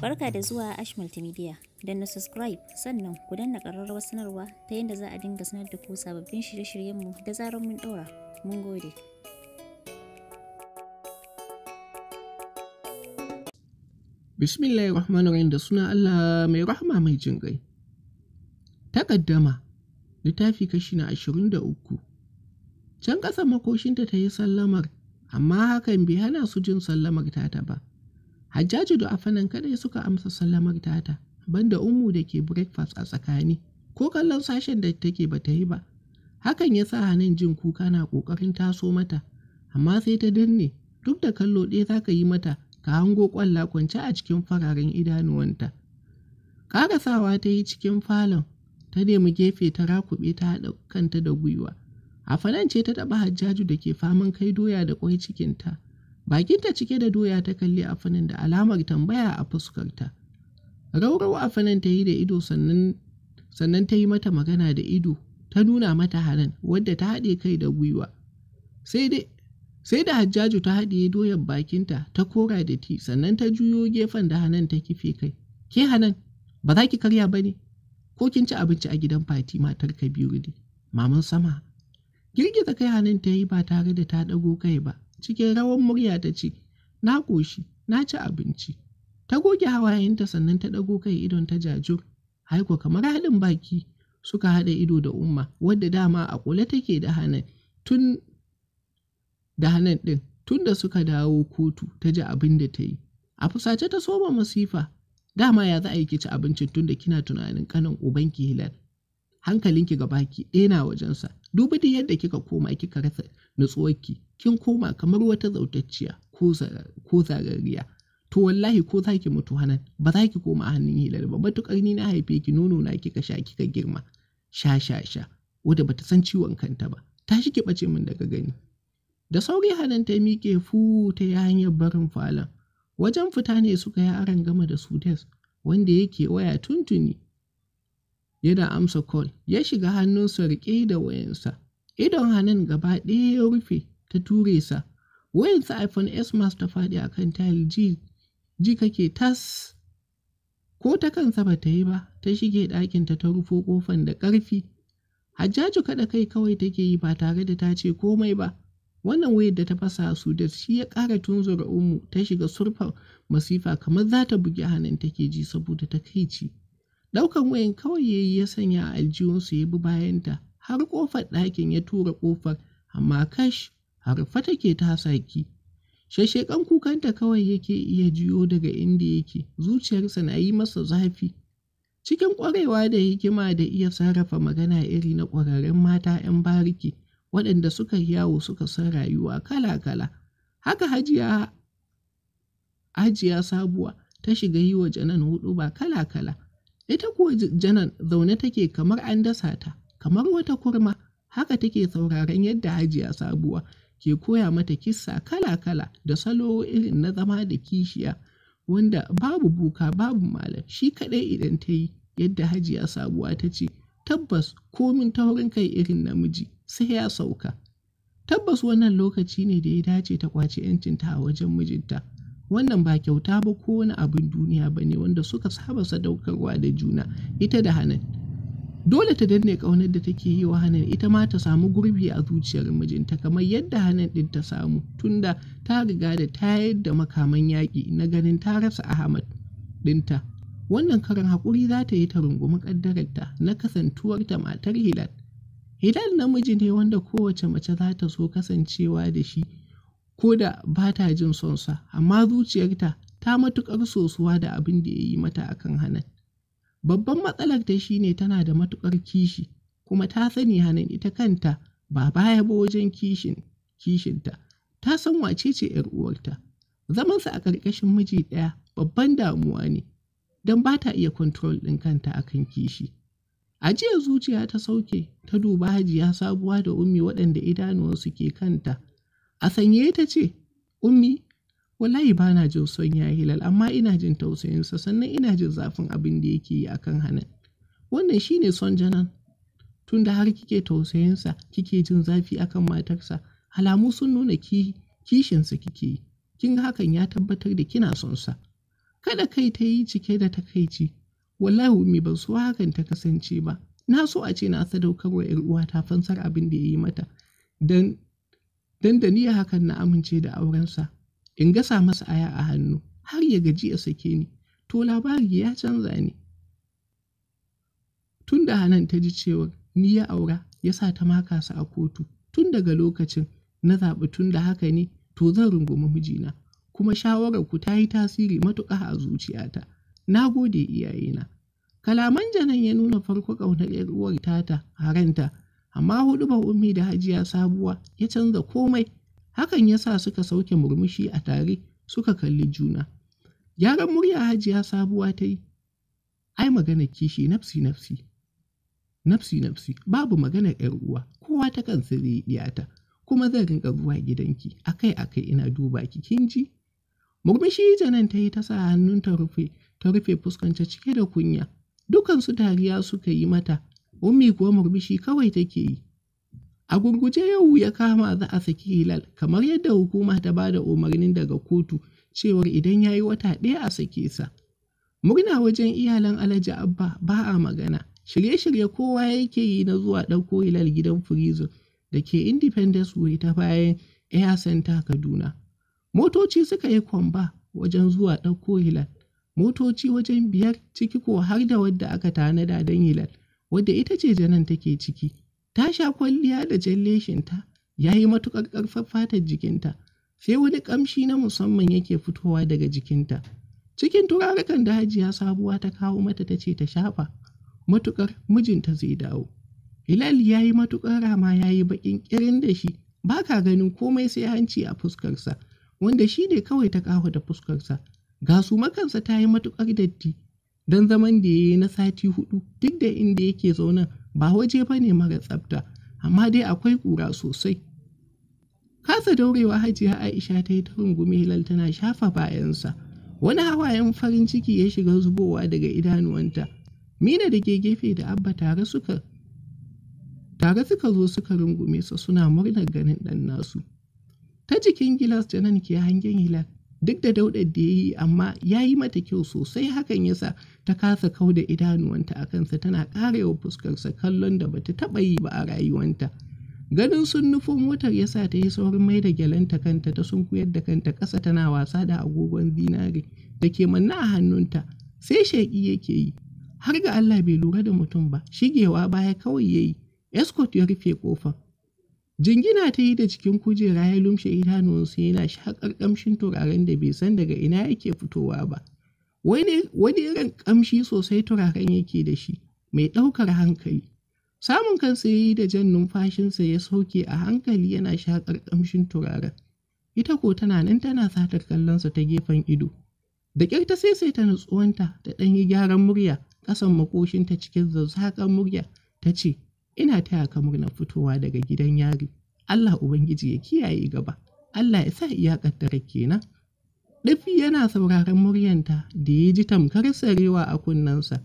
Barka da zuwa Ash Multimedia. Don na subscribe sannan ku danna ƙararrawar sanarwa ta yadda za a dinga sanar da ku sababbin shirye-shiryenmu da zarar mun ɗora. Mun gode. Bismillahir Rahmanir da suna Allah mai rahama mai jin ƙai. Takaddama littafi kashi na ashirin da uku. Can ƙasa makoshinta ta yi sallamar, amma hakan bai hana su jin sallamar ta ta ba. Hajjaju da afanan kadai suka amsa sallamar tata, banda umu da ke breakfast a tsakani, ko kallon sashen da take ba ta yi ba. Hakan ya sa hannun jin kuka na ƙoƙarin taso mata, amma sai ta danne, duk da kallo ɗaya za ka yi mata, ka hango kwalla kwance a cikin fararen idanuwanta. Ƙarasawa ta yi cikin falon, ta nemi gefe ta rakuɓe ta haɗa kanta da gwiwa. A ce ta taɓa hajjaju da ke faman kai doya da ƙwai cikinta. bakinta cike da doya ta kalli a afanin da alamar tambaya a fuskarta raurau afanin ta yi da ido sannan ta yi mata magana da ido ta nuna mata hanan wadda ta haɗe kai da gwiwa sai da hajjaju ta haɗe doyan bakinta ta kora da ti sannan ta juyo gefen da hanan ta kife kai ke hanan ba za ki karya ba ne ko kin ci abinci a gidan fati matar kabiru ne maman sama girgiza kai hanan ta yi ba tare da ta ɗago kai ba cikin rawar murya ta ce, Na ƙoshi, na ci abinci. Ta goge hawayenta sannan ta ɗago kai idon ta jajur, haiko kamar haɗin baki suka haɗa ido da umma wadda dama a kula take da hanan tun da hanan ɗin tun da suka dawo kotu ta ji abin da ta yi. A fusace ta soma masifa, dama ya za a yi ci abincin tun da kina tunanin kanan ubanki hilal. Hankalinki ga baki ɗaya na wajensa, dubi da yadda kika koma kika rasa nutsuwarki kin koma kamar wata zautacciya ko zarariya to wallahi ko za ki mutu hanan ba za ki koma hannun hilal ba matuƙar ni na haife ki nono na kika sha kika girma sha sha sha wadda bata san ciwon kanta ba Ta shi ki bace min daga gani da sauri hannun ta miƙe fu ta yi hanyar barin falon wajen fita ne suka yi aron gama da sudes wanda yake waya tuntuni yana amsa kol ya shiga hannunsa riƙe da wayansa idon hannun gaba ɗaya ya rufe ta ture sa wayan sa iphone s masu ta faɗi a kan tile. ji ji kake tas ko ta kansa ba ta yi ba ta shige ɗakinta ta rufo ƙofan da ƙarfi hajjaju kaɗa kai kawai take yi ba tare da ta ce komai ba wannan wayar da ta fasa su da shi ya ƙara tunzura umu ta shiga surfar masifa kamar za ta bugi hannun take ji saboda ta kai ci ɗaukan wayan kawai ya yi ya sanya a aljihunsu ya bi bayanta har ƙofar ɗakin ya tura ƙofar amma kash a rufe take ta saki shashsheƙan kukanta kawai yake iya jiyo daga inda yake zuciyarsa na yi masa zafi cikin ƙwarewa da hikima da iya sarrafa magana iri na ƙwararrun mata 'yan bariki waɗanda suka yawo suka san rayuwa kala-kala haka hajiya hajiya sabuwa ta shiga yi wa janan hudu ba kala-kala ita kuwa janan zaune take kamar an dasa ta kamar wata kurma haka take sauraron yadda hajiya sabuwa ke koya mata kissa kala-kala da salo irin na zama da kishiya wanda babu buka babu malam shi kaɗai idan ta yi yadda hajiya sabuwa ta ce tabbas komin taurin kai irin namiji sai ya sauka tabbas wannan lokaci ne da ya dace ta kwaci 'yancinta a wajen mijinta wannan ba kyauta ba ko wani abin duniya ba ne wanda suka saba sadaukarwa da juna ita da hanan Dole ta danne ƙaunar da take yi wa Hanan ita ma ta samu gurbi a zuciyar mijinta kamar yadda Hanan ɗin ta samu tunda ta riga da tayar da makaman yaƙi na ganin ta rasa Ahmad ɗinta. Wannan karin haƙuri za ta yi ta rungumi ƙaddararta na kasantuwar ta matar Hilal. Hilal namiji ne wanda kowace mace za ta so kasancewa da shi ko da ba ta jin sonsa amma zuciyarta ta matuƙar sosuwa da abin da ya yi mata akan Hanan. Babban matsalarta shi ne tana da matuƙar kishi, kuma ta sani hannun ita kanta ba baya ba wajen kishinta, ta san wace ce 'yar uwarta. Zamansu a ƙarƙashin miji ɗaya babban damuwa ne, don ba ta iya kontrol ɗin kanta a kan kishi. Ajiya zuciya ta sauke ta duba Hajiya Sabuwa da Ummi waɗanda idanuwansu ke kanta. A sanye ta ce, Ummi, wallahi ba na jin son ya hilal amma ina jin tausayinsa sannan ina jin zafin abin da yake yi akan hanan wannan shi ne son janan tun da har kike tausayinsa kike jin zafi akan matarsa alamu sun nuna kishinsa kike yi kin hakan ya tabbatar da kina son sa kada kai ta yi cike da takaici wallahi umi ban so hakan ta kasance ba na so a ce na sadaukarwa yar uwa ta fansar abin da ya yi mata dan dan da ni hakan na amince da aurensa in gasa masa aya a hannu har ya gaji ya sake ni to labari ya canza ne tun da hanan ta ji cewa ni ya aura ya sa ta maka su a kotu tun daga lokacin na zaɓi tun da haka ne to zan rungumi mijina kuma shawararku ta yi tasiri matuƙa a zuciyata na gode iyayena kalaman janan ya nuna farko ƙaunar ‘yar uwar tata haranta amma hudu ba ummi da hajiya sabuwa ya canza komai Hakan ya sa suka sauke murmushi a tare suka kalli juna. Gyaran murya hajiya sabuwa ta yi, ai magana kishi nafsi nafsi. Nafsi nafsi babu maganar ‘yar uwa, kowa ta kan sirri ɗiyata, kuma zai rinka zuwa gidanki akai akai ina duba ki kin ji. Murmushi janan ta yi ta sa hannun ta rufe ta rufe fuskanta cike da kunya. Dukansu dariya suka yi mata, ummi kuwa murmushi kawai take yi. A gurguje yau ya kama za a saki Hilal kamar yadda hukuma ta ba da umarnin daga kotu cewar idan ya yi wata ɗaya a sake sa. Murna wajen iyalan Alhaji Abba ba a magana, shirye-shirye kowa yake yi na zuwa ɗauko Hilal gidan Firizo da ke Independence Way ta bayan Air Center Kaduna. Motoci suka yi kwamba wajen zuwa ɗauko Hilal, motoci wajen biyar ciki ko har da wadda aka tanada don Hilal, wadda ita ce janan take ciki. Ta sha kwalliya da jan leshinta ya yi matuƙar ƙarfar fatar jikinta, sai wani ƙamshi na musamman yake fitowa daga jikinta. Cikin turarukan da Hajiya Sabuwa ta kawo mata ta ce ta shafa, matuƙar mijinta zai dawo. Hilal ya yi matuƙar rama ya yi baƙin ƙirin da shi, ba ka ganin komai sai hanci a fuskarsa, wanda shi ne kawai ta kawo da fuskarsa. Ga su makansa ta yi matuƙar datti, don zaman da ya yi na sati hudu duk da inda yake zaunan ba waje ba ne mara tsafta amma dai akwai ƙura sosai kasa daurewa hajiya aisha ta yi ta rungumi hilal tana shafa bayansa wani hawayen farin ciki ya shiga zubowa daga idanuwanta mina da ke gefe da abba tare suka zo suka rungume sa suna murnar ganin ɗan nasu ta jikin gilas janan ke hangen hilal duk da daudar da ya yi amma ya yi mata kyau sosai hakan yasa ta kasa kau da idanuwanta a kansa tana karewa fuskarsa kallon da bata taba yi ba a rayuwanta ganin sun nufo motar ya sa ta yi saurin mai da gyalanta kanta ta sun sunkuyar da kanta ƙasa tana wasa da agogon zinare da ke manna a hannunta sai Sheƙi yake yi har ga Allah bai lura da mutum ba shigewa baya kawai ya yi escort ya rufe ƙofar Jingina ta yi da cikin kujera ya lumshe idanunsa yana shakar ƙamshin turaren da bai san daga ina yake fitowa ba. Wani irin kamshi sosai turaren yake da shi, mai ɗaukar hankali. Samun kansa ya yi da jan numfashinsa ya sauke a hankali yana shakar ƙamshin turaren. Ita ko tana nan tana satar kallonsa ta gefen ido. Da ƙyar ta saisaita nutsuwanta ta ɗan yi gyaran murya ƙasan makoshinta cikin zazzaƙan murya ta ce, ina taya ka murnar fitowa daga gidan yari Allah Ubangiji ya kiyaye gaba Allah ya sa iyakar da kenan ɗafi yana sauraron muryanta da ya ji tamkar sarewa a kunnensa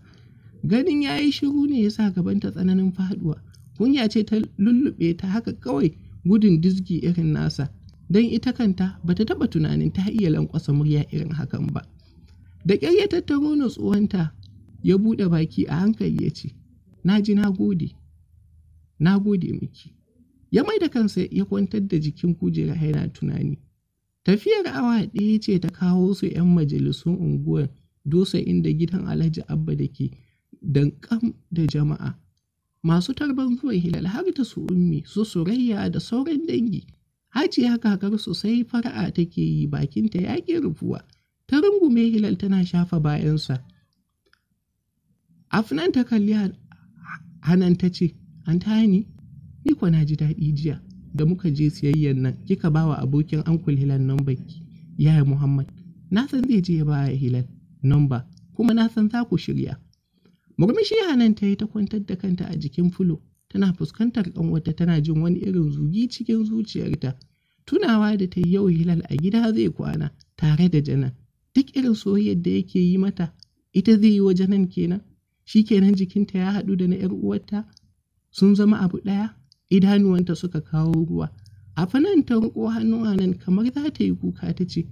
ganin ya yi shiru ne ya sa gaban ta tsananin faduwa kunya ce ta lullube ta haka kawai gudun dizgi irin nasa don ita kanta ba ta taɓa tunanin ta iya lankwasa murya irin hakan ba da ƙyar ya tattaro nutsuwanta ya buɗe baki a hankali ya ce na ji na gode na gode miki ya mai da kansa ya kwantar da jikin kujera yana tunani tafiyar awa ɗaya ce ta kawo su 'yan majalisun unguwar dosa inda gidan alhaji abba da ke dankam da jama'a masu tarban zuwan hilal har ta su ummi su surayya da sauran dangi ya kakar sai fara'a take yi bakinta ya ke rufuwa ta rungume hilal tana shafa bayansa afnan ta kalli hanan ta ce An taya ni? kuwa na ji daɗi jiya da muka je siyayyar nan kika ba wa abokin ankul Hilal nan baki. Yaya Muhammad, na san zai je ya ba Hilal nan ba, kuma na san za ku shirya. Murmushi Hanan ta yi ta kwantar da kanta a jikin fulo tana fuskantar wata tana jin wani irin zugi cikin zuciyarta. Tunawa da ta yau Hilal a gida zai kwana tare da Janan. Duk irin soyayyar da yake yi mata ita zai yi wa Janan kenan. Shi kenan jikinta ya haɗu da na ‘yar uwarta sun zama abu ɗaya idanuwanta suka kawo ruwa a fanan ta hannuwa nan kamar za ta yi kuka ta ce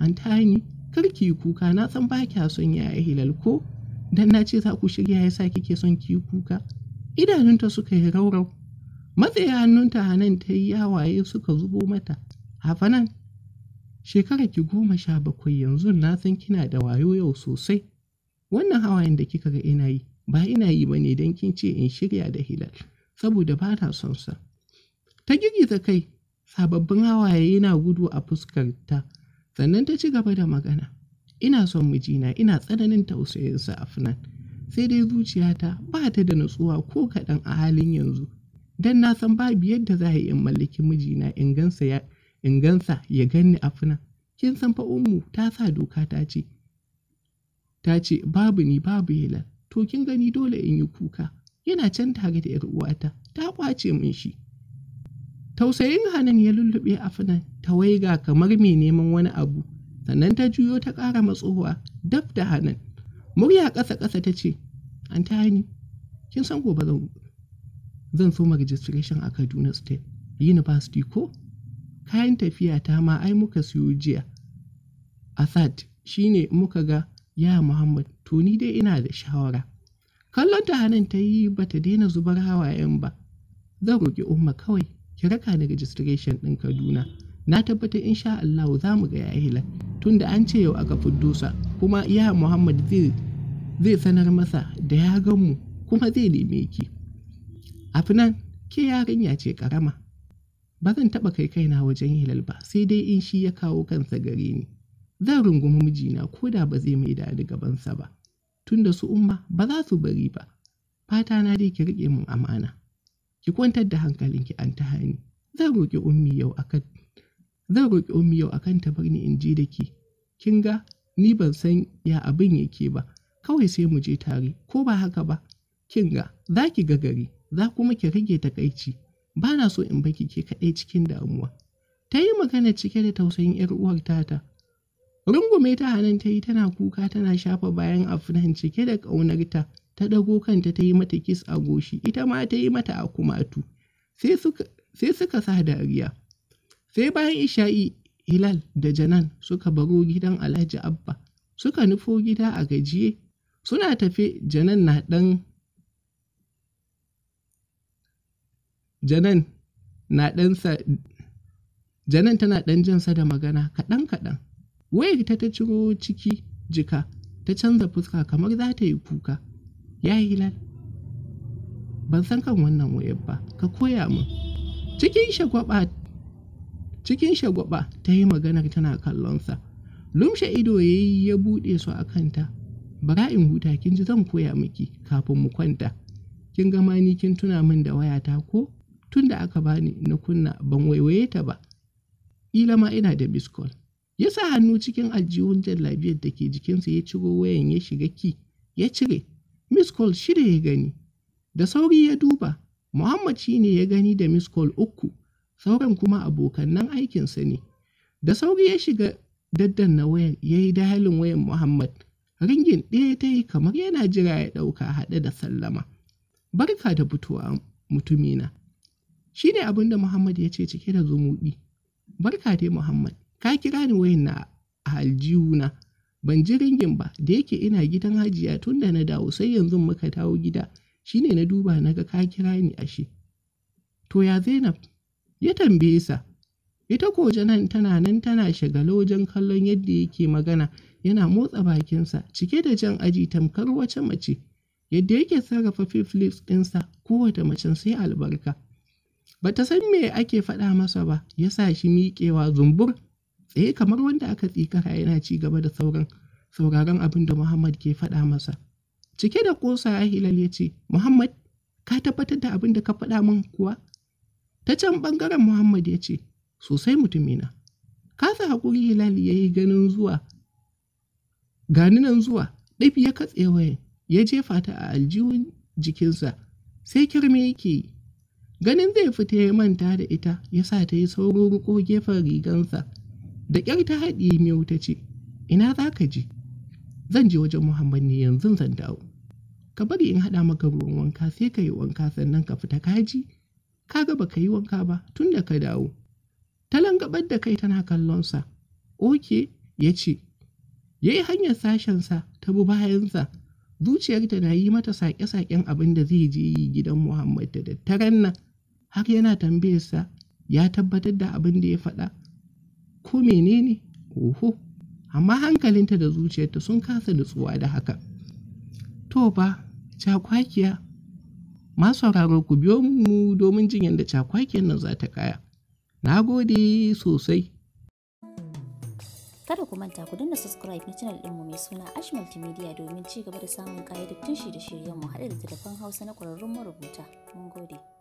an tani karki kuka na san ba kya son ya hilal ko dan na ce za ku shirya ya sa kike son ki kuka idanunta suka yi raurau matsayi hannunta hanan ta yi yawaye suka zubo mata a fanan shekara ki goma sha bakwai yanzu na san kina da wayo yau sosai wannan hawayen da kika ga ina yi ba ina yi ba ne don kin ce in shirya da Hilal, saboda ba na son sa. Ta girgiza kai, sababbin hawaye yana gudu a fuskarta, sannan ta ci gaba da magana. Ina son mijina, ina tsananin tausayinsa a funan. sai dai zuciyata ba ta da natsuwa ko kaɗan a halin yanzu, don na san babu yadda za a yi in mallaki mijina in gansa ya gani ganni a fina kin san fa ta sa doka ta ce ta ce babu ni babu hilal to kin gani dole in yi kuka yana can tare da 'yar uwata ta kwace min shi tausayin hanan ya lullube fanan ta waiga kamar mai neman wani abu sannan ta juyo ta ƙara matsowa dab da hanan murya ƙasa ƙasa ta ce an ta hani kin san gobe zan zan so registration a kaduna state university ko kayan tafiya ta ma ai muka siyo jiya asad shine muka ga Ya Muhammad, to ni dai ina da shawara. Kallon ta hannun ta yi ba ta daina zubar hawayen ba. Zan roƙi umma kawai, ki raka ni registration ɗin Kaduna. Na tabbata insha Allah za mu ga yahila tunda an ce yau aka fuddusa kuma ya Muhammad zai zai sanar masa da ya gan mu kuma zai neme ki. Afinan ke yarinya ce karama. Ba zan taɓa kai kaina wajen Hilal ba sai dai in shi ya kawo kansa gare ni. Zan rungumi mijina ko da ba zai mai da gabansa ba, tunda su umma ba za su bari ba. Fata na dai ki rike min amana. Ki kwantar da hankalinki an ta hani. Zan roƙi ummi yau akan zan roƙi ummi yau akan ta bar in je da ki. Kin ga ni ban san ya abin yake ba, kawai sai mu je tare, ko ba haka ba? Kin ga za ki ga gari, za kuma ki rage takaici. Ba na so in baki ke kaɗai cikin damuwa. Ta yi magana cike da tausayin 'yar uwar tata. Rungume ta hannun ta yi tana kuka tana shafa bayan Afnan cike da ƙaunarta, ta ɗago kanta ta yi mata kis a goshi, ita ma ta yi mata a kumatu. Sai suka sa dariya. Sai bayan Isha'i, Hilal da Janan suka baro gidan Alhaji Abba, suka nufo gida a gajiye, suna tafe Janan na ɗan Janan tana ɗan jansa da magana kaɗan-kaɗan. wayarta ta ta ciro ciki jika ta canza fuska kamar za ta yi kuka ya yi hilal ban san kan wannan wayar ba ka koya min cikin shagwaba ta yi maganar tana kallonsa lumshe ido ya yi ya buɗe su a kanta bara in huta kin ji zan koya miki kafin mu kwanta kin ga ni kin tuna min da wayata ko tun da aka bani na kunna ban waiwaye ta ba ƙila ma ina da biskol ya sa hannu cikin aljihun jallabiyar da ke jikinsa ya ciro wayan ya shiga ki ya cire miss call shida ya gani da sauri ya duba muhammad shi ne ya gani da miss call uku sauran kuma abokan nan aikinsa ne da sauri ya shiga daddan na wayar ya yi dahalin wayan muhammad ringin ɗaya ta yi kamar yana jira ya ɗauka haɗe da sallama barka da fitowa mutumina shi ne abin da muhammad ya ce cike da zumuɗi barka dai muhammad ka kira ni wayan na aljihu aljihuna ban ji ringin ba da yake ina gidan hajiya tun da na dawo sai yanzu muka dawo gida shine na duba na ga ka kira ni ashe to ya zainab ya tambaye sa ita ko janan tana nan tana shagala wajen kallon yadda yake magana yana motsa bakinsa cike da jan aji tamkar wace mace yadda yake sarrafa fiflips ɗinsa kowace macen sai albarka ba ta san me ake faɗa masa ba ya sa shi miƙewa zumbur tsaye eh, kamar wanda aka tsikara yana ci gaba da sauran sauraron abin da Muhammad ke faɗa masa. Cike da ƙosa Hilal ya ce, Muhammad, ka tabbatar da abin da ka faɗa min kuwa? Ta can ɓangaren Muhammad ya ce, Sosai mutumina. Ka sa haƙuri Hilal ya yi ganin zuwa, ganinan zuwa, ɗabi ya katse waya ya jefa ta a aljihun jikinsa, sai kirme yake yi. Ganin zai fita ya manta da ita, ya sa ta yi sauro gefen rigansa. da ƙyar ta haɗiye miyau ta ce ina za ka je zan je wajen muhammad ne yanzu zan dawo ka bari in haɗa maka ruwan wanka sai ka yi wanka sannan ka fita kaji ka gaba ka yi wanka ba tun da ka dawo talan gabar da kai tana kallon sa. oke ya ce ya yi hanyar sashensa ta bi bayansa zuciyarta na yi mata saƙe-saƙen abin da zai je yi gidan muhammad da daddaren nan har yana tambayarsa ya tabbatar da abin da ya faɗa ko menene oho amma hankalinta da zuciyarta sun kasa nutsuwa da haka to ba cakwakiya masu sauraro ku biyo mu domin jin yadda cakwakiyar nan za ta kaya na gode sosai kada ku manta ku dinna subscribe na channel ɗinmu mai suna ash multimedia domin ci gaba da samun kayyadattun shi da mu haɗa da telefon hausa na ƙwararrun marubuta mun gode